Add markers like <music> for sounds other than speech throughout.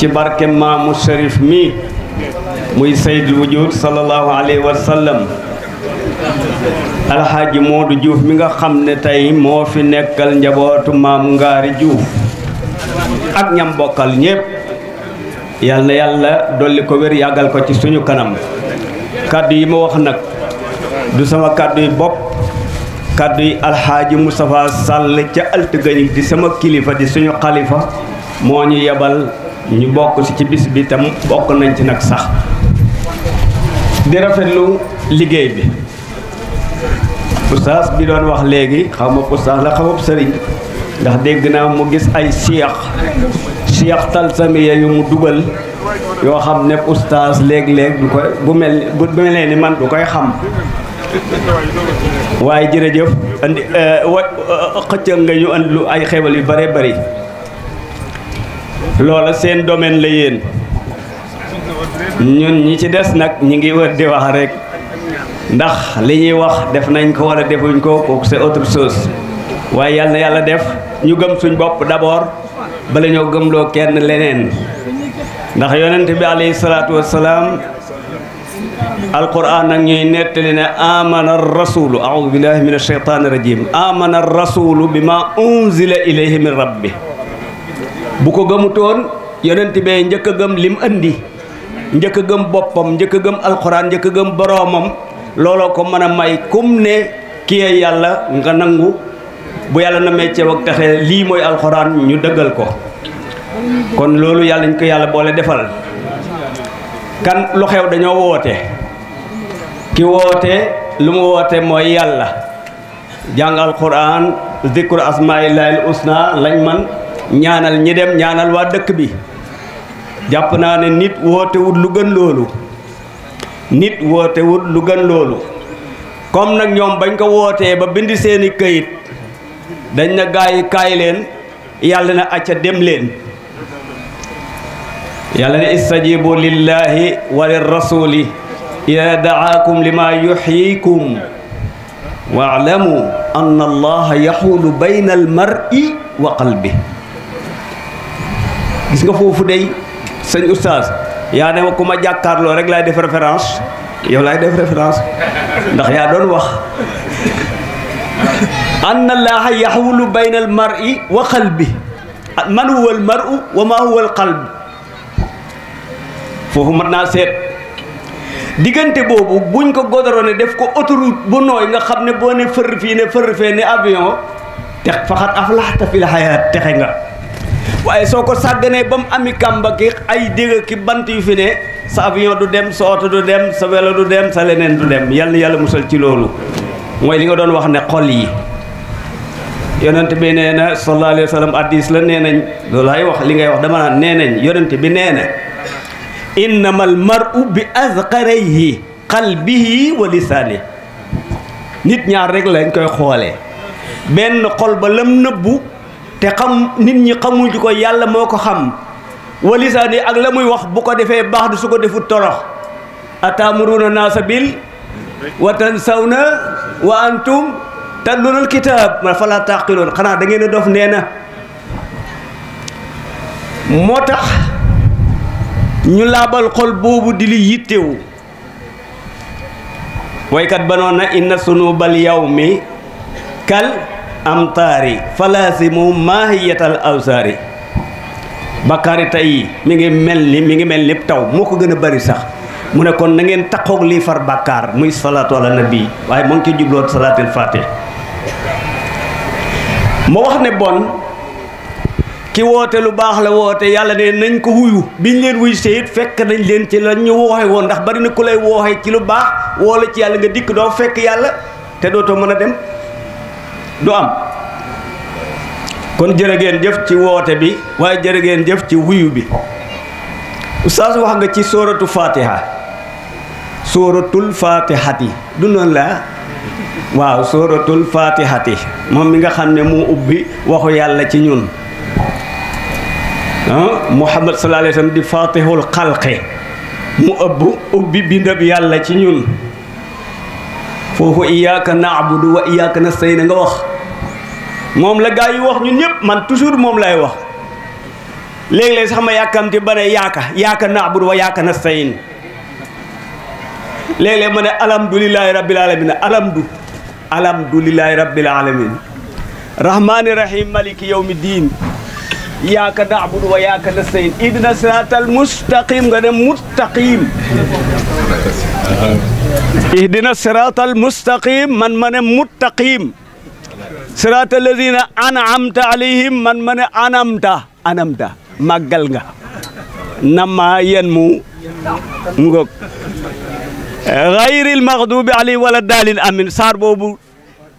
ci barke mamou sharif mi muy sayyid wujud sallallahu Alaihi Wasallam. Al alxaaji moodu juuf mi nga xamne tay mo fi nekkal njabootu mam ngari djouf ak ñam bokal ñepp yalla yalla doli ko wér yagal ko ci suñu kanam kaddu yi ma wax nak du sama kaddu yi yi Sall di sama kilifa di suñu khalifa ñu ñu bokk ci ci bis bi tam bokk nañ ci nag sax di rafetlu liggéey bi ustaas bi doon wax léegi xaw ma ustaas la xamab sëriñ ndax dégg naa mu gis ay siyaax siyaax talsamiya yu mu dugal yoo xam ne ustaas léeg-léeg bu mel bu melee ni man du koy xam waaye jërëjëf andi euh, xëccal nga ñu andi lu ay xewal yu bare bari loola seen domaine la yéen ñun ñi ci des nag ñi ngi wër di wax rek ndax li ñuy wax def nañ ko wala defuñ ko kooku c'est autre waaye yal na yàlla def ñu gëm suñ bopp d'abord bala ñoo gëmloo kenn leneen ndax yonent bi alayhi salaatu wassalaam alquran nag ñuy nettali ne amana rasulu aoudu billahi min alsheytani irajim amana rasulu bi ma unzila ilayhi min rabbi bu ko gëmutoon yonent be njëkk gëm lim andi njëkk gëm bopam njëkk gëm alquran njëkk gëm boromam lolo ko mëna may kum ne kii yalla nga nangu bu yalla na wak taxé li moy alquran ñu dëggal ko kon lolu yalla ñu ko yalla boole defal kan lu xew dañu wote ki wote lu mu wote moy yalla jang alquran zikru usna lañ man ñaanal ñi dem ñaanal waa dëkk bi jàpp naa ne nit wootewut lu gën loolu nit wootewut lu gën loolu comme nag ñoom bañ ko wootee ba bind seeni kayit dañ na gaa yi kaay leen yàlla na acca dem leen yàlla ne istajibu lillahi wa lirrasuli ida daakum lima yuxyikum waalamu anna allaha yaxulu bayna almar'i wa qalbi gis nga fofu day seigne oustaz ya ne ko ma jakarlo rek lay def référence yow lay def référence ndax ya don wax anna allaha yaxwulu bayna al mar'i wa qalbi man huwa al mar'u wa ma huwa al qalb foofu mën naa seet diggante boobu buñ ko godorone def ko autoroute bu noy nga xamne bo ne fër fi ne fër fe ne avion tek fakhat aflahta fil hayat texe nga waaye soo ko sàgganee ba mu ami kàmba ki ay dégg ki bant yu fi ne sa avion du dem sa oto du dem sa welo du dem sa leneen du dem yal yàlla musal ci loolu mooy li nga doon wax ne xol yi yonent bi nee na sallallahu alayhi wa sallam addis la nee nañ loolu laay wax li ngay wax dama naan nee nañ yonent bi nee na innamal mar'u bi azqarayhi bi yi lisaanihi nit ñaar rek lañ koy xoolee benn xol ba lam nëbbu te xam nit ñi xamuñu ko yàlla moo ko xam walisaani ak la muy wax bu ko defee baax du su ko defut torox atamuruna naasa bil wa tansawna wa antum tatlunal kitab ma fala taqilun xanaa da ngeen a dof nee na moo tax ñu laabal xol boobu di li yittewu waykat ba na inna sunubal yawmi kal amtaari falaasimu maahiyatal awsaari bakkaari tey mi ngi mel ni mi ngi mel ni taw moo ko gën a bari sax mu ne kon na ngeen taxoog lii far bakkaar muy salaatu ala nabi waaye mu ngi ci jubloon salaatil fatih mu wax ne bon ki woote lu baax la woote yàlla ne nañ ko wuyu biñ leen wuyu see fekk nañ leen ci lañ ñu woon ndax bari na ku lay wooxee ci lu baax woo la ci yàlla nga dikk doo fekk yàlla te dootoo mën a dem du am kon jërë jëf ci woote bi waaye jërë jëf ci wuyu bi oustaz wax nga ci sóoratu fatiha sóoratul fatihati du noonu la waaw sóoratul fatihati moom mi nga xam ne moo ubbi waxu yàlla ci ñun ah, muhammad sallallahu alayhi wa sallam di fatihul xalqi mu ëbb ubbi bindab yàlla ci ñun foofu iyaaka naabudu wa iyaaka nastayin nga wax moom la gaa yi wax ñun ñëpp man toujours moom lay wax léeg-léeg sax ma yàkkamti ba ne yaaka yaaka naabud wa yaaka nastayin léeg-léeg ma ne alhamdulillahi rabbil alamin alhamdu alhamdulillahi rabbil alamin rahmaani rahim maliki yawmi diin yaaka naabud wa yaaka nastayin idina siraatal mustaqim nga ne mustaqim man ma ne muttaqim siraata lazina an'amta alayhim man ma anamta anamta màggal nga nama yen mu ngoog xayril maxdubi alay wala daalin amin saar boobu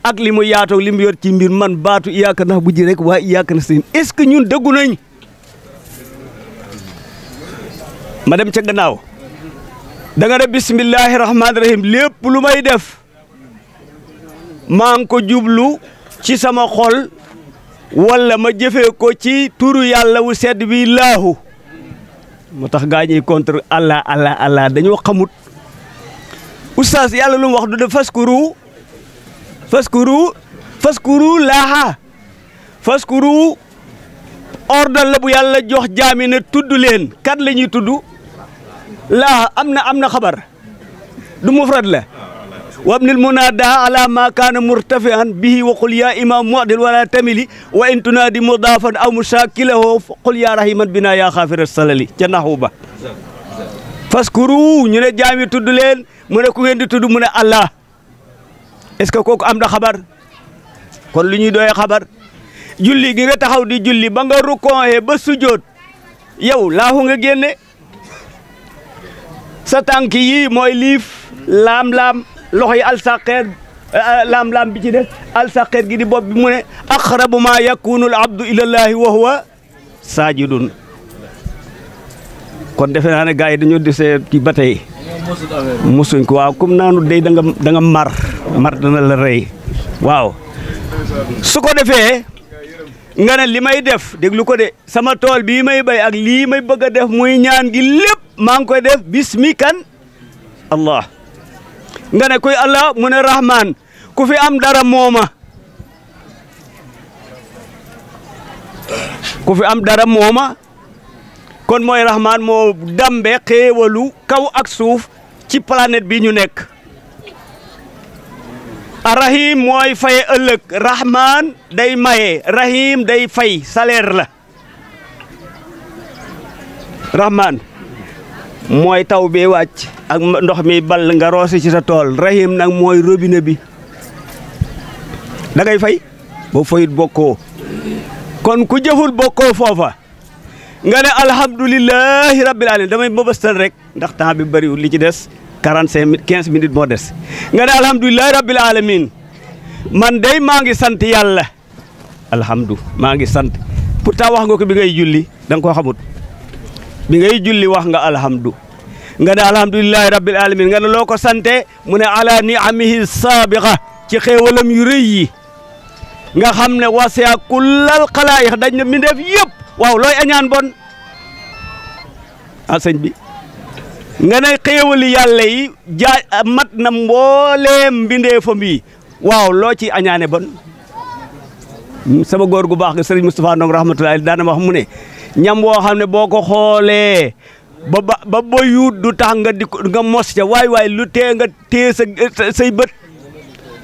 ak li mu yaatoo li mu yor ci mbir man baatu iyaaka nax bu ji rek waa iyaaka na sin est-ce que ñun dëggu nañ ma dem ca gannaaw da nga bismillahi rahmaani rahim lépp lu may def maa ngi ko jublu ci sama xol wala ma jëfe ko ci turu yàlla wu sedd bi laahu moo tax gaa ñuy contre allah allah allah dañoo xamut oustaz yàlla lu mu wax du de faskuru faskuru faskuru laaha faskuru ordre la bu yàlla jox jaami ne tudd leen kat la ñuy tudd laaha am na am na xabar du mufrad la wabnil munaadaa ala ma kaana murtafian bihi wa qul ya imam muadil wala tamili wa in tunaadi mudaafan aw mushakilahu qul ya rahiman bina ya xaafira salali ca naxu faskuru ñu ne jaam yi leen mu ne ku ngeen di tudd mu ne allah est que kooku am na xabar kon lu ñuy doyee xabar julli gi nga taxaw di julli ba nga rukkoohee ba sujjoot yow laahu nga sa tànk yi laam-laam loxoy al alsaqeer eh, lam lam bi ci def alsaqeer gi di bob bi muné akhrabu ma yakunu al abdu ila allah wa huwa sajidun kon defé na né gaay dañu dissé ki batay musuñ ko waaw kum nanu day da nga da nga mar mar dana la rey waaw su ko defé nga né limay def deglu ko dé sama tol bi may bay ak li may bëgg def muy ñaan gi lepp maa ngi koy def bismi kan allah nga ne kuy allah mu ne rahman ku fi am dara mooma ku fi am dara mooma kon mooy rahman moo dambe xéewalu kaw ak suuf ci planète bi ñu nekk rahim mooy faye ëllëg rahman day maye rahim day fay saleer la rahman mooy taw bi wàcc ak ndox mi ball nga roose ci sa tool rahim nag mooy robine bi dangay fay boo fayut bokkoo kon ku jëful bokkoo foofa nga ne alhamdulilahi rabbil alamin damay mëbëstal rek ndax temps bi bëriwul li ci des quarante cinq quinze minutes moo des nga ne alhamdulilahi rabbil alamin man day maa ngi sant yàlla alhamdu maa ngi sant pourtant wax nga ko bi ngay julli da nga koo xamut bi ngay julli wax nga alhamdu nga ne alhamdulillahi rabbil alamin nga loko sante mune ala ni amihi saabiqa ci xewalam yu rëy yi nga xamne ne kullal xalaayix dañ ne mbindeef yëpp waw loy añaan bon a ah, señ bi nga ne xewali yalla yi mat na binde mbindeefam yi waw lo ci bon sama gor gu bax ga sëriñ Moustapha Ndong rahmatullahi wax mune ñam woo xam ne boo ko xoolee ba ba ba boyut du tax nga di nga mos ca waay waay lu tee nga tee sa say bët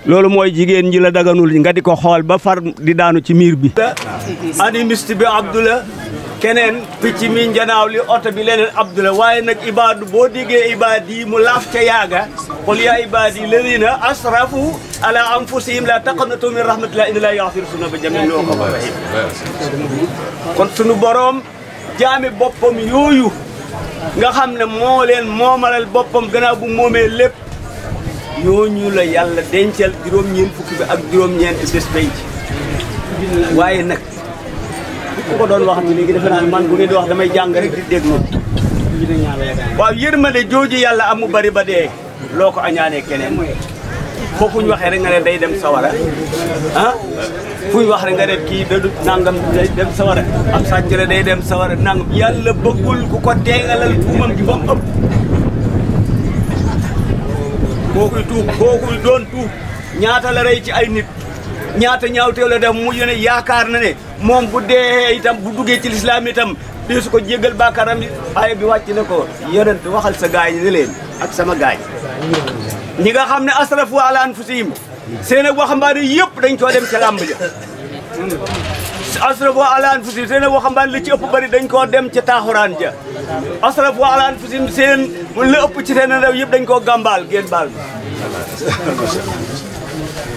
loolu mooy jigéen ñi la daganul nga di ko xool ba far di daanu ci miir bi animiste bi Abdoulaye keneen picc mi njanaaw li oto bi leneen abdula waaye nag ibaadu boo déggee ibaad yi mu laaf ca yaaga qul yaa ibaadi ladina asrafu ala anfusihim la taqnatu min rahmatillah inna la yaxfiru sunuba jamii'an innahu huwa rahim kon sunu boroom jaami boppam yooyu nga xam ne moo leen moomalal boppam gannaaw bu moomee lépp ñooñu la yàlla dencal juróom-ñeent fukki bi ak juróom-ñeent bés pénc waaye nag ku ko doon waxati léegi defe naa man bu ngeen di wax damay jàng rek di déglu. waaw yërmande jooju yàlla amu bari ba dee. loo ko añaanee keneen foofu ñu waxee rek nga day dem sawara ah fu wax rek nga ne kii dadu nangam day dem sawara am sàcc la day dem sawara nangam yàlla bëggul ku ko teegalal tuumam ji ba mu kookuy tuub kookuy doon tuub ñaata la rey ay nit ñaata ñaawteew la def yaakaar na ne moom bu dee itam bu duggee ci lislaam itam dee su ko jéggal bàkkaaram aaya bi wàcc na ko yonent waxal sa gaay yi ne leen ak sama gaay ñi nga xam ne asrafu ala anfusihim seen ak waxambaane yëpp dañ koo dem ca làmb ja asrafu ala anfusihim seen ak waxambaane li ci ëpp bari dañ koo dem ca taaxuraan ja asrafu ala anfusihim seen la ëpp ci seen ndaw yëpp dañ koo gàmbaal ngeen baal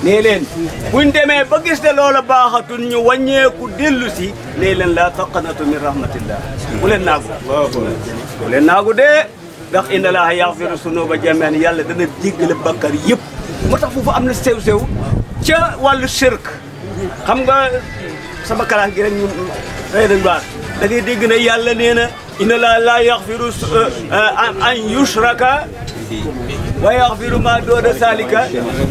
نيلين بون ديمي با غيس دي لولا باخاتون ني وانيكو ديلوسي نيلين لا تقنطوا من رحمه الله ولن ناغو ولن ناغو دي داخ ان الله يغفر الذنوب جميعا يالا دنا ديغل بكر ييب موتاخ فوفو امنا سيو سيو تا والو شرك خمغا سما كلام غير ني ري دنج بار داغي ديغنا يالا نينا ان الله لا يغفر ان يشرك wa yaxfiru ma doona salika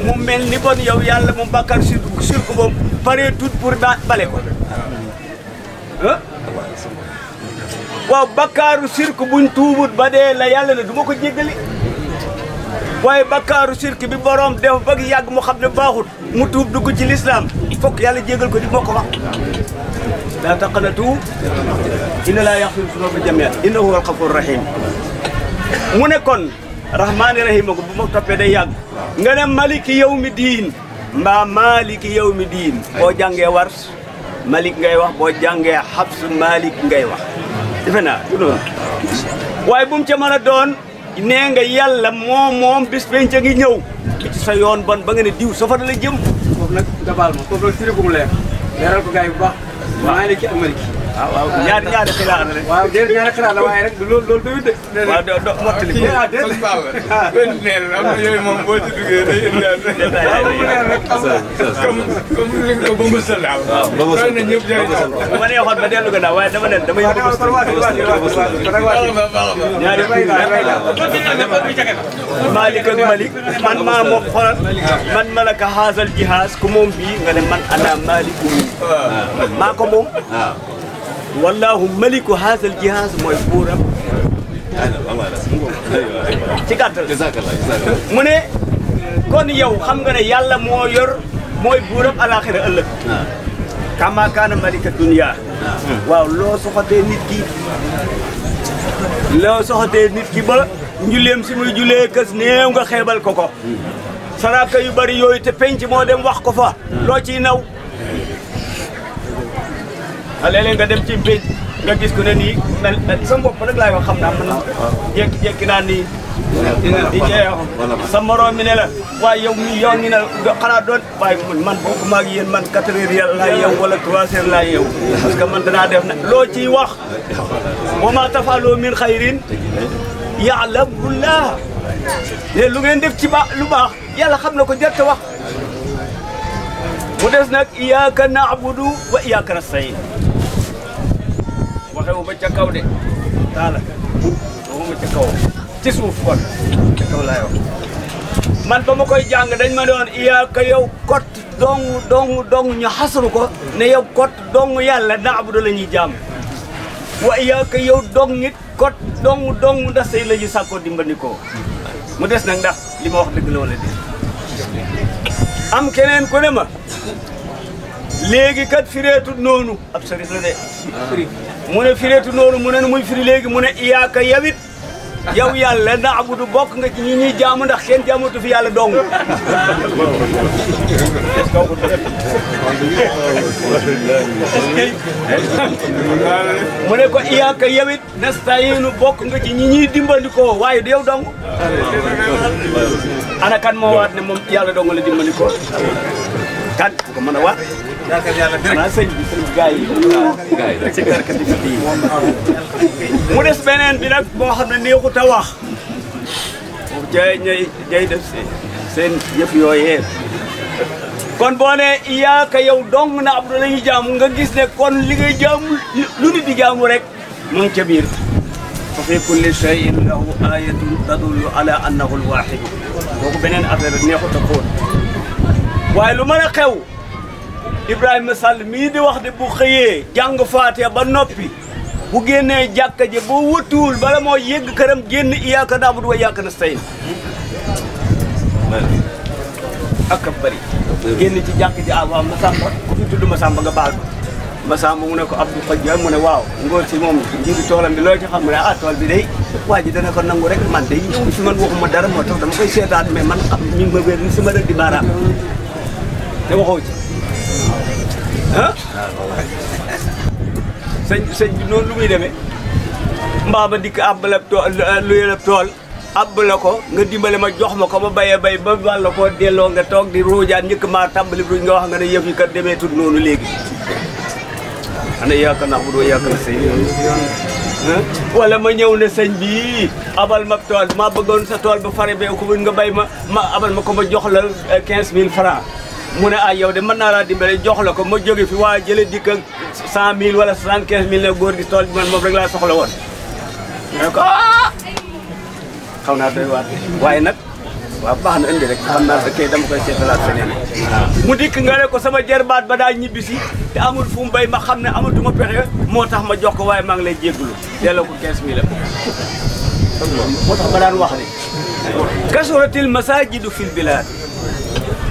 mu mel ni bon yow yàlla mu bàkkaar sur surk boobu pare tout pour bale ko waaw bakkaaru sirk buñ tuubut ba dee la yàlla ne du ma ko jéggali waaye bakkaaru sirk bi borom def ba yàgg mu xam ne baaxut mu tuub dugg ci lislaam fokk yàlla jégal ko di moo ko wax laa taqnatu inna laa yaxfiru sunuuba jamii'an innahu huwal gafuurur rahiim mu ne kon rahman rahim ko buma toppede yagg ngana maliki yawmidin ma mba maliki yawmi bo jange war malik ngay wax bo jange habs malik ngay wax defena way bu mu ci mëna don ne nga yalla mom mom bis penc ngi ñew ci sa yoon ban ba nga ne diw safa la jëm fof nak gabal ma fof la firi bu mu leer leral ko gay bu baax maliki amaliki waaw waaw ñaari ñaari xilaa la rek. waaw déedéet ñaari xilaa la waaye rek loolu loolu doyul de. waaw doo doo mottali ko ah déedéet <laughs> ah. benn am na yooyu moom boo ci duggee day indi rek comme comme li nga ko bëgg a sëlaat. waaw bëgg a sëlaat na ñëpp jërëjëf. ma ne waxoon ba dellu gannaaw waaye dama nen dama yóbbu ko sëlaat. Malik ak Malik man maa moom xoolal man malaka haasal jihaas ku moom bii nga ne man ana Malik maa ko moom. والله هم ملك هذا الجهاز مجبورا انا والله لا ايوه جزاك الله جزاك الله مني كون يو خمغ نه يالا مو يور موي بورم الاخره الله نعم. كما كان ملك الدنيا نعم. واو لو سوخاتي نيت كي لو سوخاتي نيت كي با نيوليم سي موي جولي كاس نيو غا خيبال كوكو سراكه يو بري يوي نعم. تي بنتي Ah, léeg-léeg nga dem ci mbéj nga gis ku ne nii mel mel sa bopp rek laay wax xam naa mën na jékki naa ah. nii di jeex sa mi ne la waaye yow mi yow mi ne xanaa doon waaye man bokk maag yéen man quatre heures yàlla laay yow wala trois heures laay yow man danaa def na loo ciy wax wa maa tafaaloo min xayrin ya'lamullaah ne lu ngeen def ci ba lu baax yàlla xam na ko jarte wax mu des nag iyyaka na'budu wa iyyaka nasta'iin waxuma ca kaw de taala waxuma ca kaw ci suuf kon ca kaw laay wax man ba ma koy jàng dañ ma doon iyaaka yow kott dong dong dong ñu xasru ko ne yow kott dong yàlla naabudu la ñuy jàmm wa iyaaka yow dong nit kott dong dong ndax say la ñu sàkkoo dimbandikoo mu des nag ndax li ma wax dëgg la wala dé am keneen ku ne ma léegi kat fireetut noonu ab sëriñ la de mu ne fireetut noonu mu ne muy firi léegi mu ne iyaaka yawit yow yàlla na abudu bokk nga ci ñi ñuy jaamu ndax kenn jaamatu fi yàlla dong mu ne ko iyaaka yawit nastayinu bokk nga ci ñi ñuy dimbandikoo waaye du yow dong ana kan waat ne moom yàlla dong la dimbandikoo kan bu ko mën a waat yaakaar yàlla bi rek sëñ bi sëñ gaa yi bi mu des beneen bi nag boo xam ne neexut a wax boobu jay ñay jay seen yëf yooyee kon boo ne yaaka yow dong na abdu la ñuy nga gis ne kon li ngay jaamu lu nit di rek mu ngi ca fa fi kulli shay'in lahu ayatun tadullu ala annahu alwaxidu kooku beneen affaire neexut a xóot waaye lu mën a xew Ibrahima Sall mii di wax de bu xëyee jàng faate ba noppi bu génnee jàkka ji boo wëttuwul bala moo yëgg këram génn iyaaka naabud wa na nastayin ak a bëri génn ci jàkk ji avant ah, Masamba ku fi tudd Masamba nga baal ko Masamba mu ne ko Abdou Khadja mu ne waaw ngóor si moom njiitu toolam bi loo ci xam ne ah tool bi day waa ji dana ko nangu rek man day ñëw si man waxuma dara moo tax dama koy seetaan mais man xam ñu ma wér ni si ma rëdd di baaraam ah sëñ sëñ bi noonu lu muy demee mbaa ma dikk àbb la tool luy la tool àbb la ko nga dimbale ma jox ma ko ma bayee bay ba wàll ko delloo nga toog di ruujaan njëkk maa tàmbali ruuj nga wax nga ne yëf yi kat demee tudd noonu léegi ana yaakaar naa bu doo yaakaar sëñ wala ma ñëw ne sëñ bi abal ma tool maa bëggoon sa tool ba fare bee ko nga bay ma ma abal ma ko ma jox la 15000 eh, francs mu ne ah yow de mën naa laa dimbale jox la ko ma jóge fi waaye jële dikk ak cent mille wala soixante quinze mille ne góor gi tool bi man moom rek laa soxla woon ah! naa doy waaye nag waaw baax na indi rek xam naa kay dama koy seetalaat feneen mu dikk nga ne ko sama baat ba daa ñibbisi te amul fu ma xam ne amatuma pexe moo tax ma jox ko waaye maa ngi lay jéggulu delloo ko 15000 moo tax ma daan wax ni kasuratil masajidu fil bilad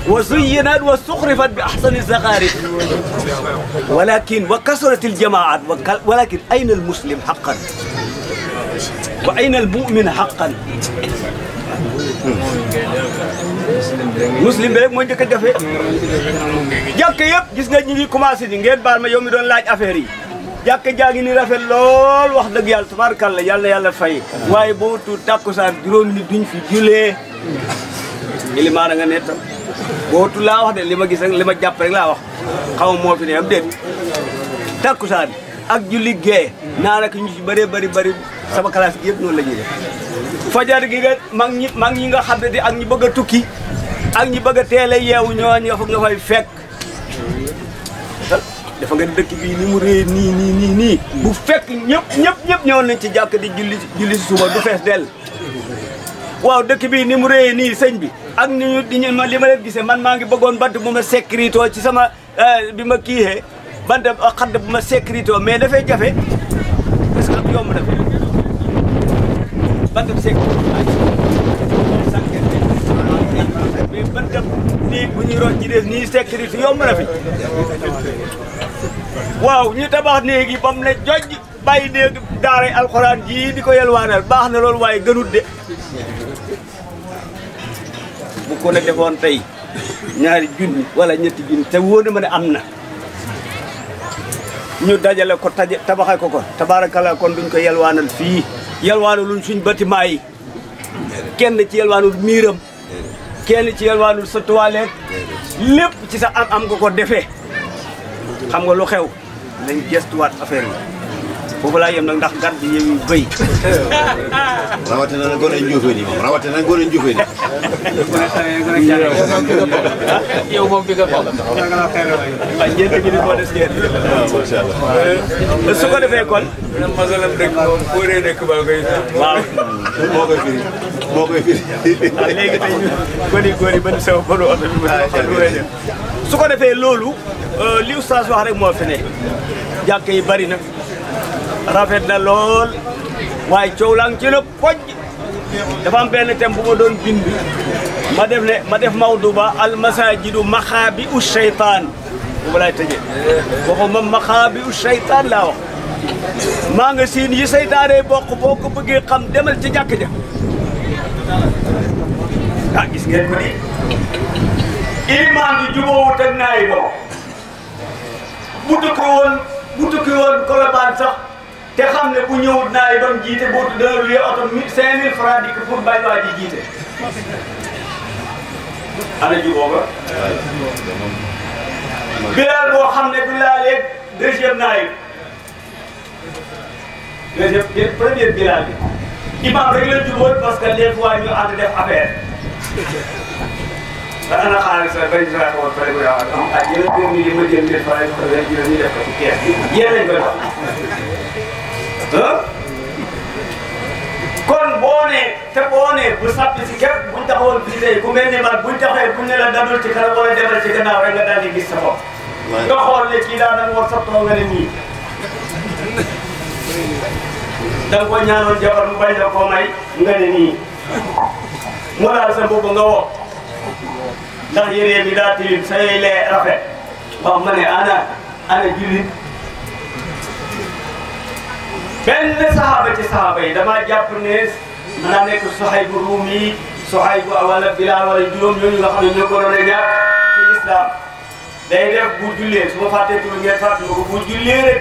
وزينا واستخرفت باحسن الزخارف ولكن وكسرت الجماعات ولكن اين المسلم حقا؟ واين المؤمن حقا؟ مسلم بريك مو ديك دافي جاك ييب غيس نغي نيغي كوماسي دي نغي بال ما يومي دون لاج افير يي جاك جاغي ني رافيل لول واخ دغ يال تبارك الله يالا يالا فاي واي بو تو تاكوسان جروم ني دين في جولي اللي ما نغا نيتام bootu laa wax de li ma gis rek li ma jàpp rek laa wax xaw ma moo fi ne am déet takkusaan ak julli gee naanaka ñu ci bëree bëri bëri sama classe gi yëpp noonu la ñuy def fajar gi nga mag ñi mag ñi nga xam ne di ak ñi bëgg a tukki ak ñi bëgg a teel a yeewu ñoo nga foog nga fay fekk dafa nga dëkk bii ni mu réer nii nii nii nii bu fekk ñëpp ñëpp ñëpp ñëwoon nañ ci jàkk di julli julli si suba du fees dell waaw dëkk bii ni mu reyee nii sëñ bi ak ni ñu li ma leen gisee man maa ngi bëggoon bant bu ma sécurité ci sama eh, bi ma kiihee bant eh, xadd bu ma sécurité mais dafay jafe parce que ak yomb na bant bu waaw ñu tabax néegi ba mu ne joj bàyyi néeg daaray alxuraan jii di ko yelwaanal baax na loolu waaye gënut de bu ko ne defoon tey ñaari junni wala ñetti junni te wóor na ma ne am na ñu dajale ko tabaxal ko ko tabaarakala kon duñ ko yelwaanal fii yelwaanalul suñ bâtiment yi kenn ci yelwaanul miiram kenn ci yelwaanul sa toilette lépp ci sa am am nga ko defee xam nga lu xew dañ gestuwaat affaire yi foofu laa yem nag ndax garab yi yéen a bëy. rawatina nag gone Ndioufène yi moom rawatina gone Ndioufène yi. yow moom bi nga bokk. waaw ñeent ñi di moo des ñeent. waaw macha allah. su ko defee kon. masalam dëkk moom boo dee dëkk ba koy. waaw moo koy firi moo koy firi. ah léegi tey góor yi góor yi ba nu sew ba nu oto bi ba nu su ko defee loolu euh, li oustaz wax rek moo fi ne jàkk yi bari na. rafet na lool waaye coow laa ci na koj dafa am benn bu ma doon bind ma def ne ma def mawdu ba al maxaabi u shaytaan boobu laay tëjee waxuma maxaabi u shaytaan laa wax maa nga siin yi seytaane bokk boo ko bëggee xam demal ci jàkk ja ah gis ngeen ko ni naay boo bu tukki woon bu tukki woon xam ne bu ñëwut naay jiite boo dana luye oto 5000 francs dikk pour bàyyi waa ji jiite. ana ji booba. bilaal boo xam ne bu laalee deuxième naay. deuxième première bilaal bi. imam rek la jubóot parce que les fois ñu ànd def affaire. da nga xaaral sa benn benn woon fële bu am ak yeneen mbir mi di ma jël mbir fële bu ñu def ko ci kees bi yéen lañ koy wax. kon boo nee te boo nee bu sàpp si bu buñ taxawoon fii tey ku mel ni man buñ taxawee ne la dadul ci kanam wala demal ci gannaaw rek nga daal di gis sa bopp. nga xool ne daal da nga war soppoo nga ne nii. da ko ñaanoon jabar mu bañ la ko may nga ne nii. mu laal sa bopp nga woo. ndax yére bi daa tilim sa yey lee ma ne ana ana jullit. benn saxaaba ci saxaaba yi damaa jàpp ne mën naa nekk Suhayb bu Ruum yi Suhayb bu wala Bilaal wala juróom ñooñu nga xam ne ñoo ko doon ñaar ci islam day def bu jullee su ma fàttee tur ngeen fàtte ko bu jullee rek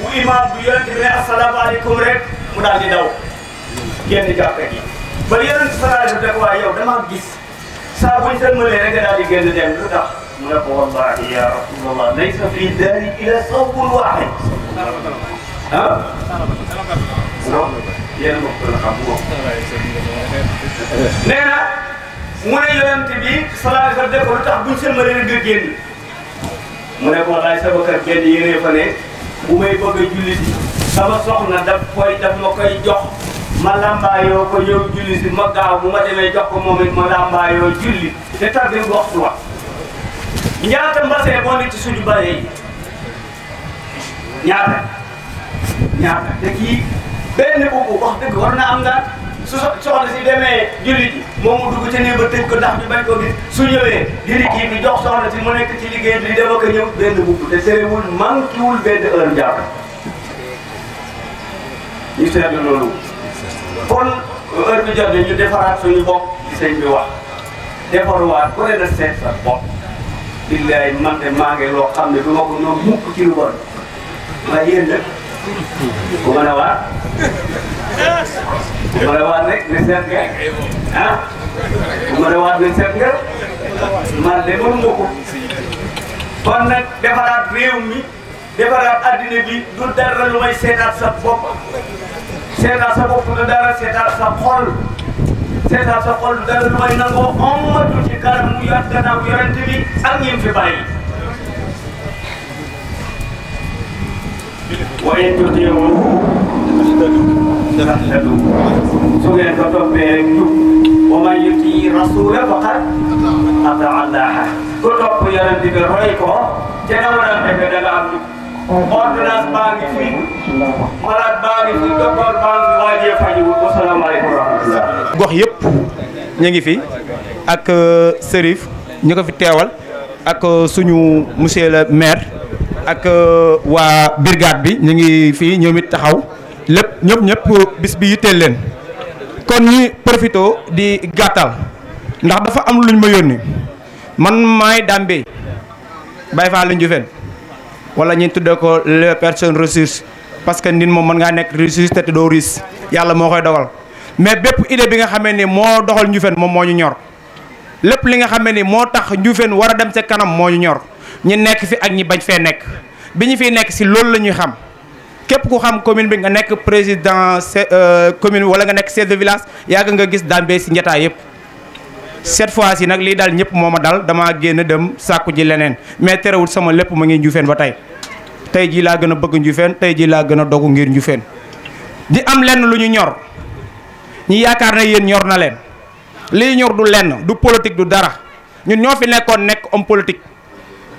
bu imaam bu yonent bi ne asalaamaaleykum rek mu daal di daw génn jàppee gi ba yonent sallallahu alayhi wa yow damaa gis saa buñ sëlmalee rek daal di génn dem lu tax mu ne ko wallahi ya rasulallah laysa fi daari ila sawbun waahid ah. non yéen mbokk la xam moom. nee na mu bi sallallahu alayhi wa sallam def ko lu tax buñ seen ma leen nga génn mu ne wallaay sama kër benn yéene fa ne bu may bëgg a julli si sama soxna daf koy daf ma koy jox ma làmbaayoo ko yow julli si ma gaaw bu ma demee jox ko moom ma làmbaayoo julli te tardé waxtu wa ñaata mbasee boo nit suñu bare yi ñaata. ñaata te kii benn boobu wax dëgg war na am daal su soxna si demee julli ji moom mu dugg ca néeg ba tëj ko ndax ñu bañ ko gis su ñëwee julli ji bi jox soxna si mu nekk ci liggéey bi di dem ak a ñëw benn boobu te terewul manqué wul benn heure jàpp. loolu kon heure ñu defaraat suñu bopp ci sëñ bi wax defaruwaat ku ne seet sa bopp. billaay man de maa ngi loo xam ne du ma ko ñëw mukk ci lu bon waaye yéen nag. ku mën a waar ku mën a waar ne seet nga ah ku mën a ne seet nga man de mënuma ko kon nag defaraat réew mi defaraat addina bi du dara lu seetaat sa bopp seetaat sa bopp du dara seetaat sa xol seetaat sa xol du dara lu may nangoo ommatu ci kanamu yàgg gannaaw yorente bi ak ñi fi bàyyi waaye tuutiwul tahtadu su ngeen ko toppee rek jub wa man yuti rasula faqad ataa allaha ku topp yonent bi roy ko te nga mën a fekk da nga am jub ordonnance baa ngi fi malade baa ngi fi docteur baa ngi waajee fajuwul wasalaamaaleykum wa rahmatullah gox yëpp ñu ngi fi ak euh, Serif ñu ko fi teewal ak euh, suñu monsieur le maire ak euh, wa brigade bi ñi ngi lep ñomit nyop taxaw lepp ñop ñep bis bi yitel len kon ñi profito di gatal, ndax dafa am luñ ma yoni man dambe Dambey fa Fallou Ndioufène wala ñi tudde ko le personne ressource parce que nin mom man nga nek ressource te do riis yalla mo koy dogal mais bép idée bi nga xamé ne mo doxal fen mom mo ñu ñor lepp li nga xamné ne juven wara tax Njuufeen dem ci kanam mo ñu ñor ñi nekk fi ak ñi bañ fe nekk biñu fi nekk si loolu lañuy xam képp ku xam commune bi nga nekk président euh, commune wala nga nekk chef de village ya nga gis Dambey si njataay yépp cette fois ci nak li dal ñepp moma dal dama genn dem sakku ji leneen mais téréwul sama lepp ma ngi Njuufeen ba tay tay ji la gëna a bëgg Njuufeen tey jii laa a dogu ngir Njuufeen di am lenn lu ñu ñor ñi yaakar na yeen ñor na leen. lii ñor du lenn du politique du dara ñun ñoo fi nekkoon nekk homme politique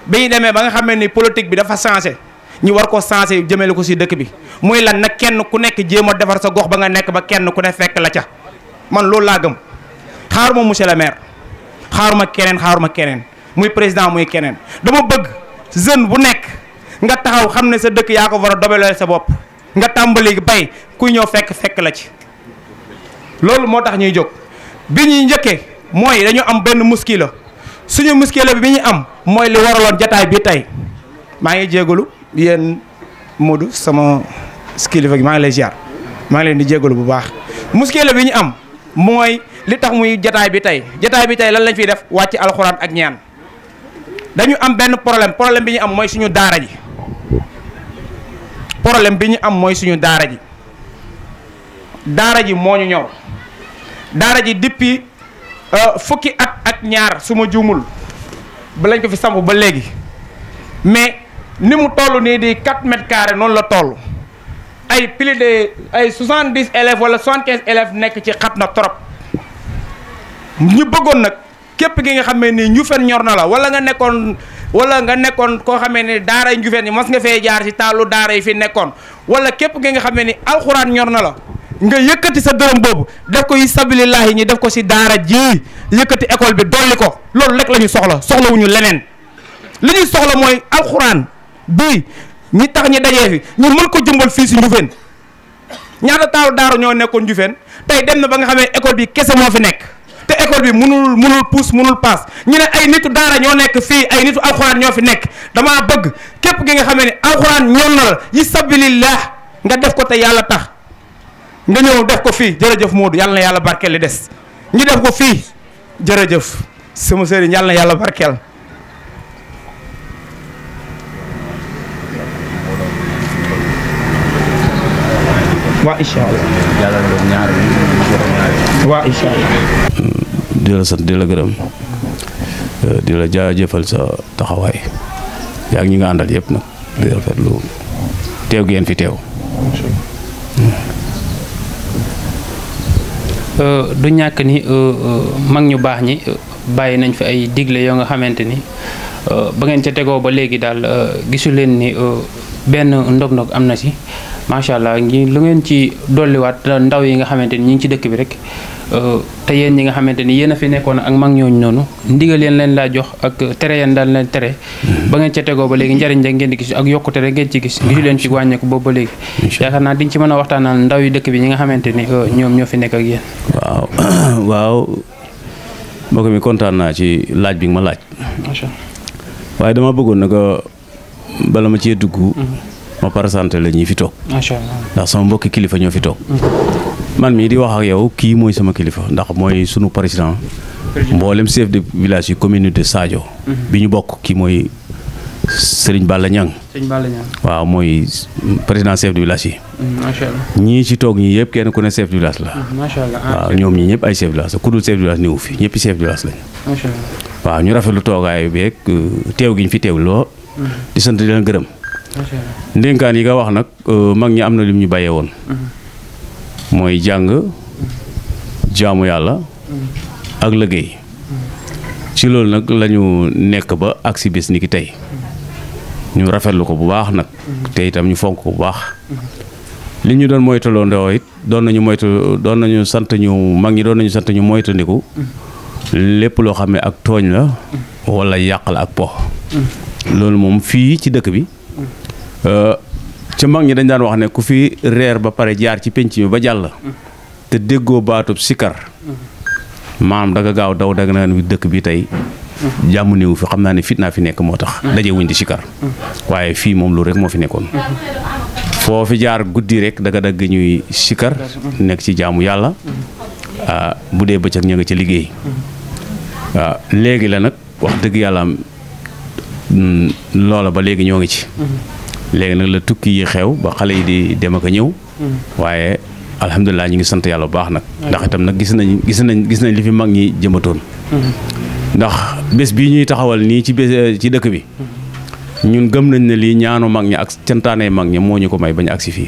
bi ñu demee ba nga xamee ni politique bi dafa changé ñu war ko changé jëmale ko si dëkk bi muy lan nag kenn ku nekk jéem a defar sa gox ba nga nekk ba kenn ku ne fekk la ca man loolu laa gëm xaaruma monsieur le maire xaaruma keneen xaaruma keneen muy président muy keneen dama bëgg jeune bu nekk nga taxaw xam ne sa dëkk yaa ko war a dobelool sa bopp nga tàmbali bay kuy ñëw fekk fekk la ci loolu moo tax ñuy jóg. bi ñuy njëkkee mooy dañu am benn muskila suñu muskila bi bi ñu am mooy li waraloon jataay bi tey maa ngi jégalu yéen Modou sama kilifa gi maa ngi lay ziar maa ngi leen di jégalu bu baax muskila bi ñu am mooy li tax muy jataay bi tey jataay bi tey lan lañ fi def wàcc alxuraan ak ñaan dañu am benn problème problème bi ñu am mooy suñu daara ji problème bi ñu am mooy suñu daara ji daara ji moo ñu ñor. dara ji depuis euh fukki at ak ñaar suma jumul ba lañ ko fi sambu ba légui mais nimu tollu ni di 4 mètres carrés non la tollu ay plus de ay 70 élèves wala 75 élèves nek ci xatna na trop ñu bëggon nak képp gi nga xamé ni ñu fën ñor na la wala nga nekkon wala nga nekkon ko xamé ni daara ñu fën ni mos nga fee jaar ci talu daara yi fi nekkon wala képp gi nga xamé ni alcorane ñor na la nga yëkkati sa dërëm boobu def ko yi sabilillahi ñi def ko si daara ji yëkkati école bi dolli ko loolu rek la ñu soxla soxlawuñu leneen li ñuy soxla mooy alxuraan bii ñi tax ñi dajee fi ñu mën ko jëmbal fii si Ndioufène ñaata taaru daara ñoo nekkoon Ndioufène tey dem na ba nga xamee école bi kese moo fi nekk te école bi munul munul puus munul paas ñu ne ay nitu daara ñoo nekk fii ay nitu alxuraan ñoo fi nekk damaa bëgg képp gi nga xamee ne alxuraan ñoom na la yi sabilillah nga def ko te yàlla tax nga ñëw def ko fii jërëjëf Modou yalla na yalla barkel li dess ñu def ko fii jërëjëf sama sëriñ yàlla na yàlla barkeel waa incha allah waa incha allah di la sant di la gërëm euh, di la jaajëfal sa taxaway yaa ñi nga andal yépp nak di lu teew gën fi teew Euh, du ñàkk ni euh, euh, mag ñu baax ñi bàyyi nañ fi ay digle yoo nga xamante ni ba ngeen ca tegoo ba léegi daal gisu leen ni benn ndog-ndog am na si macha allah ngi lu ngeen ci dolliwaat ndaw yi nga xamante ni ñu ngi ci dëkk bi rek. te yéen ñi nga xamante ni yéen a fi nekkoon ak mag ñooñu noonu ndigal yéen leen laa jox ak tere yéen daal leen tere hmm. ba ngeen ca tegoo ba léegi njariñ la ngeen di gis ak yokkute rek ngeen ci gis ah, gisu leen ci wàññeeku boobu ba léegi yaakaar naa diñ ci mën a waxtaanal ndaw yu dëkk bi ñi nga xamante ni euh, ñoom ñoo fi nekk ak yéen waaw <coughs> waaw mbokk mi kontaan naa ci laaj bi nga ma laaj waaye dama bëggoon nag bala ma cee dugg hmm. ma parasanté la ñi fi toog ndax sama mbokki kilifa ñoo fi toog hmm. man mii di wax ak yow kii mooy sama kilifa ndax mooy sunu président mboolem chef de village yi commune de Sadio. Mhm. bi ñu bokk kii mooy sëriñ Balla Niang. Serigne Balla Niang waaw mooy président chef de village yi. Mhm, macha allah ñii ci toog ñii yëpp kenn ku ne chef de village la. Mhm, macha allah waaw ñoom ñii ñëpp ay chef de village la ku dul chef de village néew fi ñëpp chef de village lañu. waaw ñu lu toogaay beeg euh, teew gi ñu fi teew loo. di sant di leen gërëm. macha allah yi nga wax nag euh, mag ñi am na lim ñu bàyyee woon. mooy jàng jaamu yàlla ak liggéey ci loolu nag lañu nekk ba ak si bis ni tey ñu rafetlu ko bu baax nag te itam ñu fonk ko bu baax li ñu doon moytaloo ndoo it doon nañu moytu doon nañu sant ñu mag ñi doon nañu sant moytandiku lépp loo xam ne ak tooñ la wala yàq la ak po mm. loolu moom fii ci dëkk bi euh, ca mag ñi dañ daan wax ne ku fi reer ba pare jaar ci penc mi ba jàll te déggoo baatub sikar maam da nga gaaw daw dagg nga naan dëkk bi tey jàmm néewu fi xam naa ne fitnaa fi nekk moo tax daje wuñ di sikar waaye fii moom lu rek moo fi nekkoon foo jaar guddi rek daga dagg ñuy sikar nekk ci jaamu yàlla ah, bu dee bëccëg ña nga ca liggéey waaw ah, léegi la nag wax dëgg yàlla mm, loola ba léegi ñoo ngi ci léegi nag la tukki yi xew ba xale yi di dem ak a ñëw mm. waaye alhamdulilah ñu ngi sant yàlla bu baax nag mm. ndax itam nag gis nañ gis nañ gis nañ li fi mag ñi jëmatoon mm. ndax bés bii ñuy taxawal nii ci bés eh, ci dëkk bi ñun gëm nañ ne lii ñaanu mag ñi ak cantaane mag ñi moo ñu ko may bañ agsi fii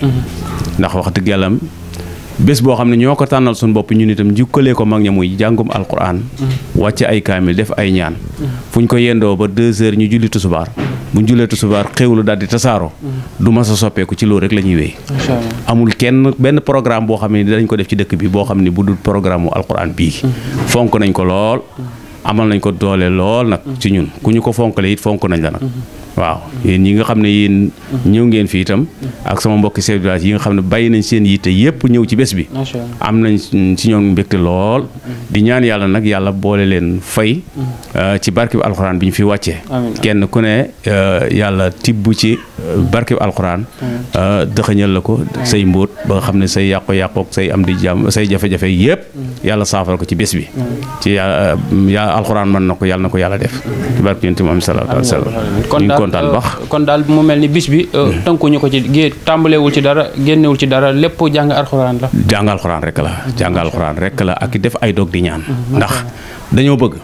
ndax wax dëgg yàlla bés boo xam ne ñoo ko tànnal suñ bopp ñun itam njukkalee ko mag ña muy jàngum alquran wàcc ay kaamil def ay ñaan fu ñu ko yendoo ba deux ñu julli tusubaar bu ñu julee tusubaar xéwlu daal di tasaaroo. du ma sa soppeeku ci loolu rek la ñuy wéy. amul kenn benn programme boo xam ne dinañ ko def ci dëkk bi boo xam ne bu dul programme mu alquran bii. fonk nañ ko lool. amal nañ ko doole lool nag. ci ñun ku ñu ko fonk it fonk nañ la nag. waaw yéen ñi nga xam ne ñëw ngeen fii itam ak sama mbokki chef de village yi nga xam ne bàyyi nañ seen yitte yépp ñëw ci bés bi am nañ ci ñoom mbégte lool mm-hmm. di ñaan yàlla nag yàlla boole leen fay mm-hmm. euh, ci barkeb alxuraan bi ñu fi wàccee kenn ku ne euh, yàlla tibb ci euh, barkeb alxuraan mm-hmm. dëxëñal la ko say mbóot ba nga xam ne say yàqu-yàqook say am di jàmm say jafe-jafe yépp yàlla saafara ko ci bés bi ci yàlla alxuraan mën na ko yàlla na ko yàlla def ci barke yonent bi am salaatu wasalaam kontaan euh, baax kon daal mu mel ni bis bi euh, hmm. ñu ko ci gé tàmbalewul ci dara génnewul ci dara lépp jàng alxuraan la jàng alxuraan rek la jàng hmm. alxuraan rek la ak def ay dog di ñaan hmm. ndax dañoo bëgg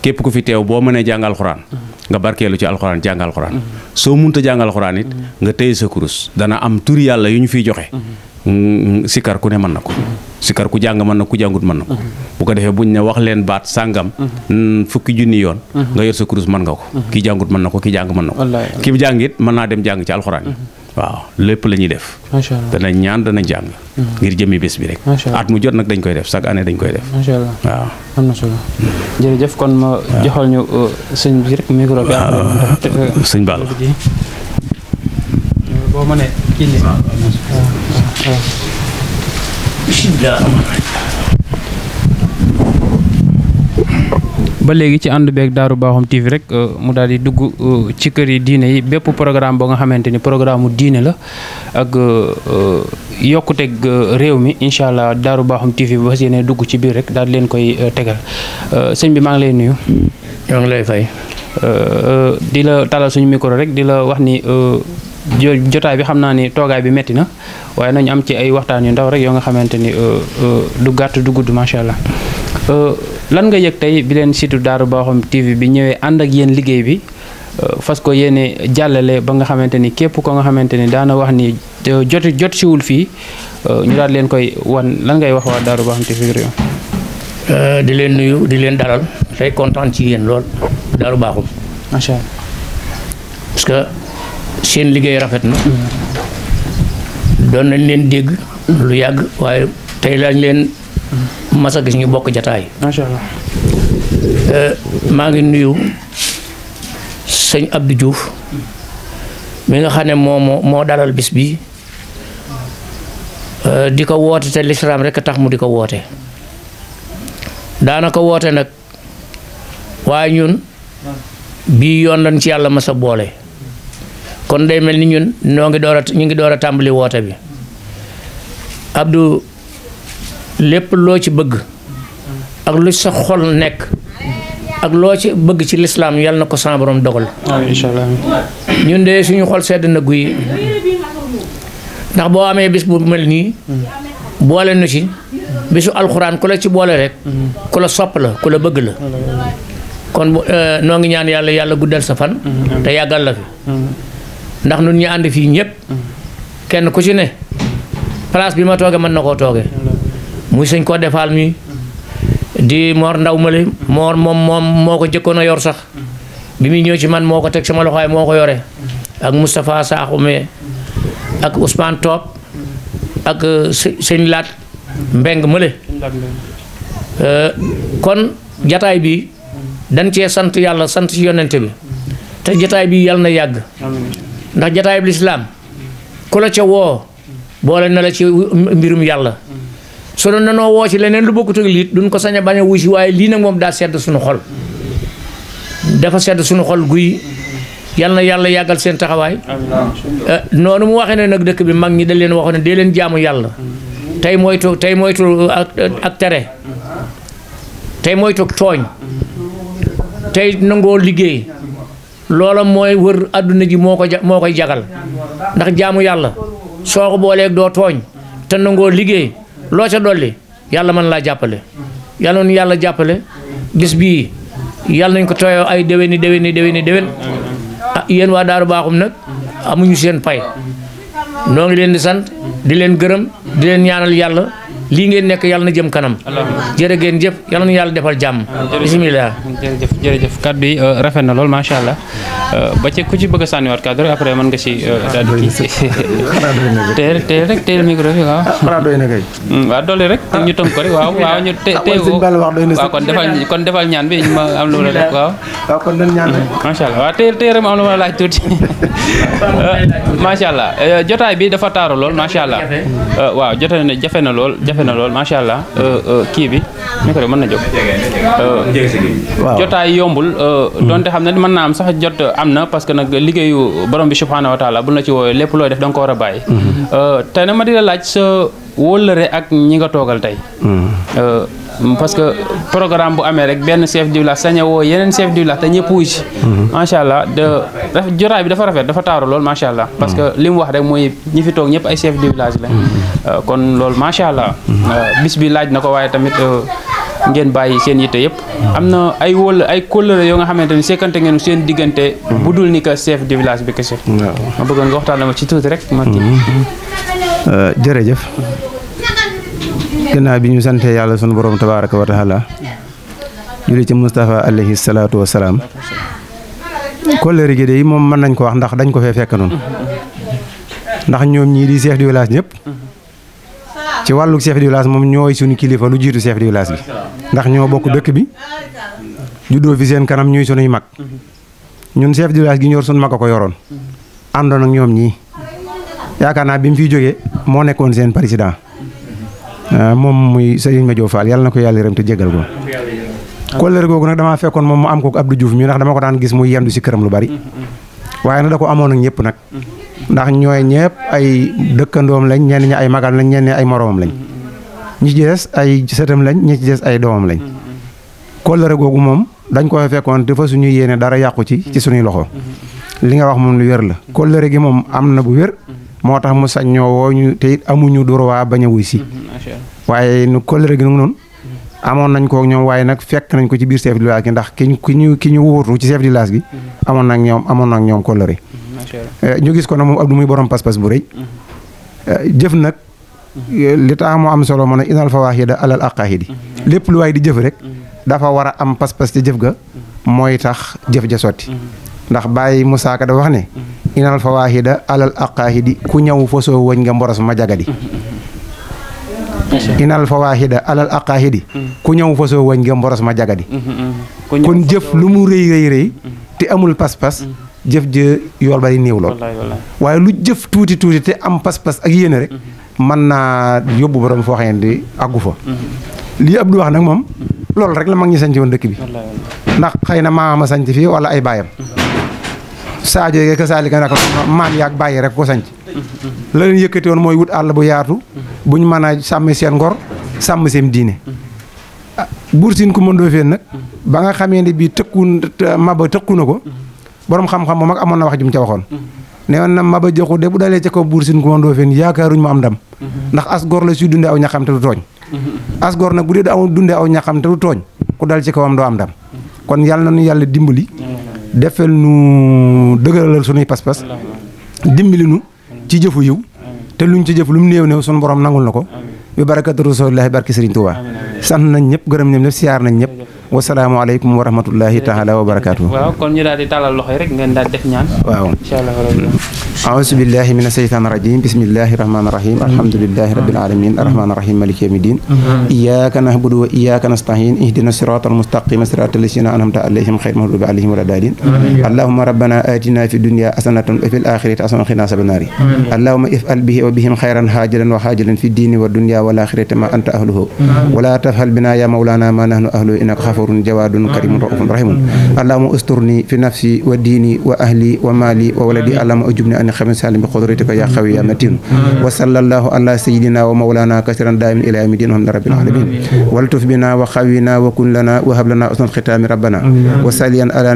képp ku fi teew boo mënee jàng alxuraan nga barkeelu ci alxuraan jàng alxuraan soo munta jàng alxuraan it nga téye sa kurus dana am turi yàlla yu ñu fiy joxe Mm, mm, sikar ku ne man nako ko sikar ku jàng mën na ku jàngut mën bu ko defee buñ ne wax len baat sangam mm, fukki yon nga yor sa man nga ko ki jangut man nako ki jang man nako ki jangit man na dem jang ci alxuraan waaw lépp la ñuy def dana ñaan dana jang ngir jëmi bes bi rek at mu jot nak dañ koy def sak ane dañ koy def waaw am na solo jëf kon ma joxal ñu uh, señ bi rek micro bi señ bal bo mané kini bismillah ba léegi ci ànd beeg Daaru Bakhoum TV rek euh, mu daal di dugg euh, ci kër yi diine yi bépp programme ba nga xamante ni programme mu diine la ak euh, yokkuteeg réew mi incha allah Daaru Bakhoum TV ba fas yéene dugg ci biir rek daal leen koy tegal sëñ bi maa ngi lay nuyu. ñoo di la talal suñu micro rek di la wax ni. jotaay bi xam naa ni toogaay bi métti na waaye nañu am ci ay waxtaan yu ndaw rek yoo nga xamante ni euh, euh, du gàtt du gudd macha allah euh, lan nga yëg tey bi leen siitu Daaru Bakhoum TV bi ñëwee ànd ak yéen liggéey bi fas ko yéene jàllale ba nga xamante ni képp ko nga xamante ni daana wax ni joti jot siwul fii ñu daal leen koy wan lan ngay wax waa Daaru Bakhoum TV di leen nuyu di leen daral tey kontaan ci yéen lool Daaru Bakhoum macha allah seen liggéey rafet na doon nañ leen dégg lu yàgg waaye tey lañ leen masa gis ñu bokk jataay allah euh, maa ngi nuyu sëñ Abdou Diouf mi nga xam ne moo dalal bis bi euh, di ko woote te lislaam rek tax mu di ko woote daanaka woote nag waaye ñun bii yoon lañ ci yàlla masa boole kon day mel ni ñun ñoo ngi door a ñu ngi door tàmbali woote bi Abdou lépp loo ci bëgg ak lu sa xol nekk ak loo ci bëgg ci lislaam yal na ko sa borom dogal ñun de suñu xol sedd na guy ndax boo amee bis bu mel nii boole nu ci bisu alxuraan ku la ci boole rek ku la sopp la ku la bëgg la kon euh, noo ngi ñaan yàlla yàlla guddal sa fan te yàggal la fi ndax nun ñu ànd fii ñëpp kenn ku ci ne place bi ma tooge mën na koo tooge muy sëñ ko defaal mi di Mor Ndaw Male Mor moom moom moo ko jëkkoon a yor sax bi muy ñëw ci man moo ko teg sama loxoy moo ko yore ak Moustapha Saxume ak Ousmane Top ak sëñ Laat Mbeng Male euh, kon jataay bi dañ cee sant yàlla sant ci yonente bi te jataay bi yàlla na yàgg ndax jataayub lislaam ku la ca woo boole na la ci mbirum yàlla su doon nanoo woo ci leneen lu bokkut ak lii duñ ko sañ bañ a wuy si waaye lii nag moom daa sedd suñu xol dafa sedd suñu xol guy yal na yàlla yàggal seen taxawaay eh, noonu mu waxee ne nag dëkk bi mag ñi da leen waxoon ne dee leen jaamu yàlla tey moytu tey moytu ak tere tey moytu tooñ tey nangoo liggéey loola mooy wër àdduna ji moo ko moo koy jagal ndax jaamu yàlla soo ko booleeg doo tooñ te nangoo liggéey loo ca dolli yàlla mën laa jàppale yàlla yàlla jàppale gis bii yàlla nañ ko tooyoo ay déwéni déwéni déwéni déwén ah yéen waa daaru baaxum nag amuñu seen pay noo ngi leen di sant di leen gërëm di leen ñaanal yàlla lii ngeen nekk yàlla na jëm kanam jërë jëf yàlla na yàlla defal jàmm bisimilah jërëjëf jërëjëf kàddu yi euh, rafet na lool macha allah euh, ba ci ku ci bëgg a sànniwaat kàddu rek man mën nga si euh, daal di kii <laughs> teel teel rek teel micro bi waaw ah, xanaa doy na kay hmm, waaw doole rek ah. ñu tënk ko rek waaw ah, kon defal kon defal ñaan bi ma am lu ma def waaw waaw <laughs> kon dañ ñaan rek macha waaw teel teel rek ma am lu ma laaj tuuti <laughs> macha allah jotaay bi dafa taaru lool macha allah waaw jotaay na jafe na lool jafe na lool macha allah euh, euh, kii bi micro bi mën na jóg. Euh, waaw jotaay yombul. Hmm. donte xam ne mën naa am sax jot am na parce que nag liggéeyu borom bi subhaanahu wa taala bu la ci woowee lépp looy def da nga ko war a bàyyi. Hmm. te na ma di laaj sa wóllëre ak ñi nga toogal tey. Hmm. parce que programme bu amee rek benn chef du village sañ yeneen chef du village te ñëpp wuy ci mhm. macha allah de jotaay bi dafa rafet dafa taaru lool macha allah parce que li mu wax rek mooy ñi fi ñëpp ay chef du village la mhm. euh, kon loolu macha allah mhm. euh, bis bi laaj na ko waaye tamit euh, ngeen bàyyi seen yitte yëpp am na ay wóol ay kóllëre yoo nga xamante ni sekkante ngeen seen diggante bu dul ni que chef du village bi kese ma bëggoon nga waxtaan ma ci tuuti rek ma jërëjëf kena bi ñu sante yalla sunu borom tabaaraka wa taala julli ci mustafa alayhi salatu wa ko leer gi de mom man nañ ko wax ndax dañ ko fe fekk noonu ndax ñom ñi di cheikh du village ñëpp ci walu cheikh du village moom ñooy suñu kilifa lu jitu cheikh du village bi ndax ño bokk dekk bi juddoo fi seen kanam ñuy suñu mag ñun cheikh du village gi ñor suñu mag ko yoron andon ak ñom ñi yaaka na bi mu seen president Ah, moom muy Serigne Madiop Fall yàlla na ko yàlla yërëm te jegal ko kóllëre googu nag damaa fekkoon moom mu am ko Abdou Diouf mi ndax dama ko daan gis muy yendu si këram lu bari waaye nag da ko amoon ak ñëpp nag ndax ñooy ñëpp ay dëkkandoom lañ ñeen ñi ay magal lañ ñenn ñi ay moroomam lañ ñi ci ay sëtam lañ ñi ci des ay doomam lañ kóllëre googu moom dañ ko fekkoon te fa suñuy yéene dara yàqu ci ci suñuy loxo li nga wax moom lu wér la kóllëre na bu wér motax mu sañño ñoo ñu te amuñu droit bañ wuy ci mhm, waye nu kóllëre gi nag noonu mhm. amoon nañ ko ñom waye nak fekk nañ ko ci biir chef de village gi ndax kiñ ki ñu ki ci chef de village gi mhm. amoon nag ñoom amoon nag ñoom kóllëre eh, ñu gis ko na mu Abdou muy borom pas-pas bu rëy eh, jëf nak eh, li mo am solo inal fawahida alal aqahidi lepp lu way di jëf rek dafa wara am pas-pas ci jëf ga moy tax jëf ja soti ndax baye musa Ka da wax ne inal fawahida alal aqahidi ku ñëw fosoo wëñ nga mboros ma jagadi inal fawahida alal aqahidi ku ñëw fosoo wëñ nga mboros ma jagadi mm-hmm, mm-hmm. kon jëf lu mu reey reey reey mm-hmm. te amul pas-pas jëf je yool bari neew lool waye lu jëf tuti tuti te am pas-pas ak yene rek man na yobbu borom fo xam ne di àggu Abdou wax nak mom lol rek la mag ñi won dekk bi ndax xeyna maama fi wala ay bayam Sadio yeeg Kasaalika naka maam yaag bàyyi rek ko sanc la leen yëkkati woon mooy wut àll bu yaatu. bu ñu mën a sàmm seen ngor sàmm seen diine. ah Buur Siin ku mëndoo feen nag. ba nga xamee ne bii tëkkuun maba tëkku na ko. borom xam-xam moom ak amoon na wax jum ca waxoon. ne woon na maba joxu de bu dalee ca ko Buur Siin ku mëndoo feen yaakaaruñ mu am ndam. ndax as gor la suy dundee aw ñaxam te du tooñ. as nag bu dee du amul dundee aw ñaxam te du tooñ ku dal ci kawam defal nu dëgëralal sunuy pas-pas dimbali nu ci jëfu yiw te luñ ci jëf lu mu néew néew sunu borom nangul na ko bi barakatu rasulillahi barki Serigne Touba sant nañ ñëpp gërëm nañ siyaar nañ ñëpp wasalaamaaleykum wa rahmatullahi taala wa barakaatu. waaw أعوذ بالله من الشيطان الرجيم بسم الله الرحمن الرحيم الحمد لله رب العالمين الرحمن الرحيم مالك يوم الدين إياك نعبد وإياك نستعين اهدنا الصراط المستقيم صراط الذين أنعمت عليهم غير المغضوب عليهم ولا الضالين اللهم ربنا آتنا في الدنيا حسنة وفي الآخرة حسنة وقنا عذاب النار اللهم افعل به وبهم خيرا هاجرا وحاجلا في الدين والدنيا والآخرة ما أنت أهله ولا تفعل بنا يا مولانا ما نحن أهله إنك غفور جواد كريم رؤوف رحيم اللهم استرني في نفسي وديني وأهلي ومالي وولدي اللهم أجبني الرحمن خمس سالم بقدرتك يا قوي يا متين وصلى الله على سيدنا ومولانا كثيرا دائما الى يوم الدين الحمد رب العالمين ولتف بنا وقوينا وكن لنا وهب لنا حسن الختام ربنا وساليا